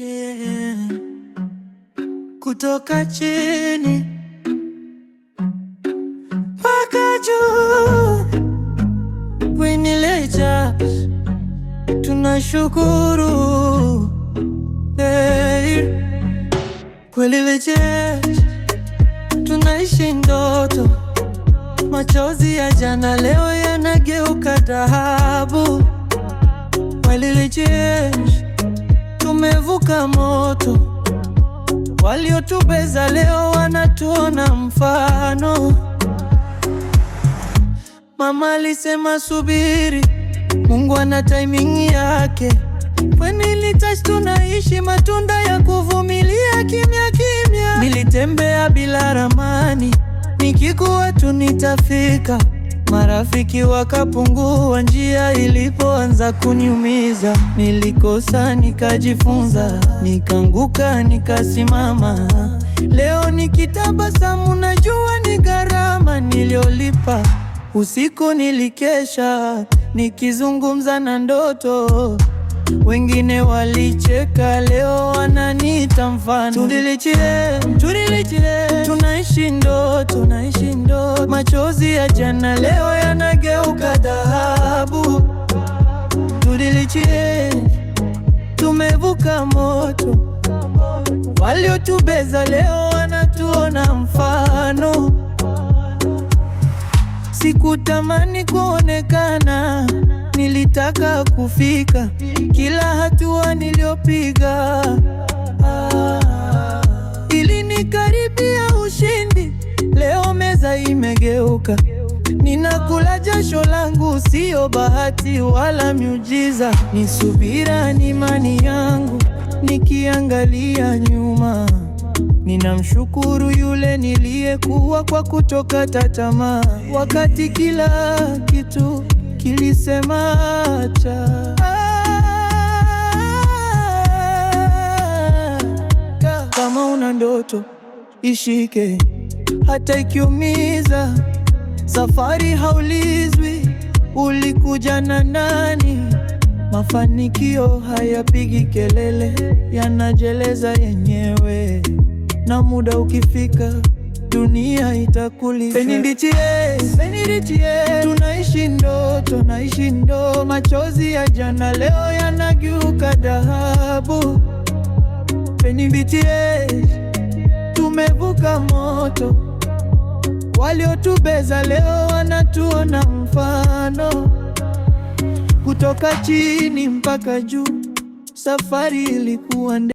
yeah. Kutoka chini mpaka juu winileta, tunashukuru hey. Kweli tunaishi ndoto, machozi ya jana leo yanageuka dhahabu. Kweli tumevuka moto, waliotubeza leo wanatuona mfano. Mama alisema subiri, Mungu ana timing yake. kweni litash tunaishi matunda ya kuvumilia kimya kimya. Nilitembea bila ramani, nikikuwa tu nitafika Marafiki wakapungua njia ilipoanza kuniumiza, nilikosa nikajifunza, nikaanguka nikasimama. Leo nikitabasamu najua ni gharama niliyolipa. Usiku nilikesha nikizungumza na ndoto, wengine walicheka, leo wananiita mfano. Tudilichile, tudilichile, tunaishi ndoto, tunaishi Machozi ya jana leo yanageuka dhahabu. Tudilichie, tumevuka moto. Waliotubeza leo wanatuona mfano. Sikutamani kuonekana, nilitaka kufika kila hatua niliyopiga ah. kugeuka. Ninakula jasho langu, siyo bahati wala miujiza, ni subira, ni imani yangu. Nikiangalia nyuma, ninamshukuru yule niliyekuwa kwa kutokata tamaa, wakati kila kitu kilisema acha. Kama una ndoto ishike, hata ikiumiza Safari haulizwi ulikuja na nani. Mafanikio hayapigi kelele, yanajeleza yenyewe, na muda ukifika dunia itakulisha. Beneditie, Beneditie, tunaishi ndo, tunaishi ndo. Machozi ya jana leo yanageuka dhahabu. Beneditie, tumevuka moto Waliotubeza leo wanatuona mfano, kutoka chini mpaka juu, safari ilikuwa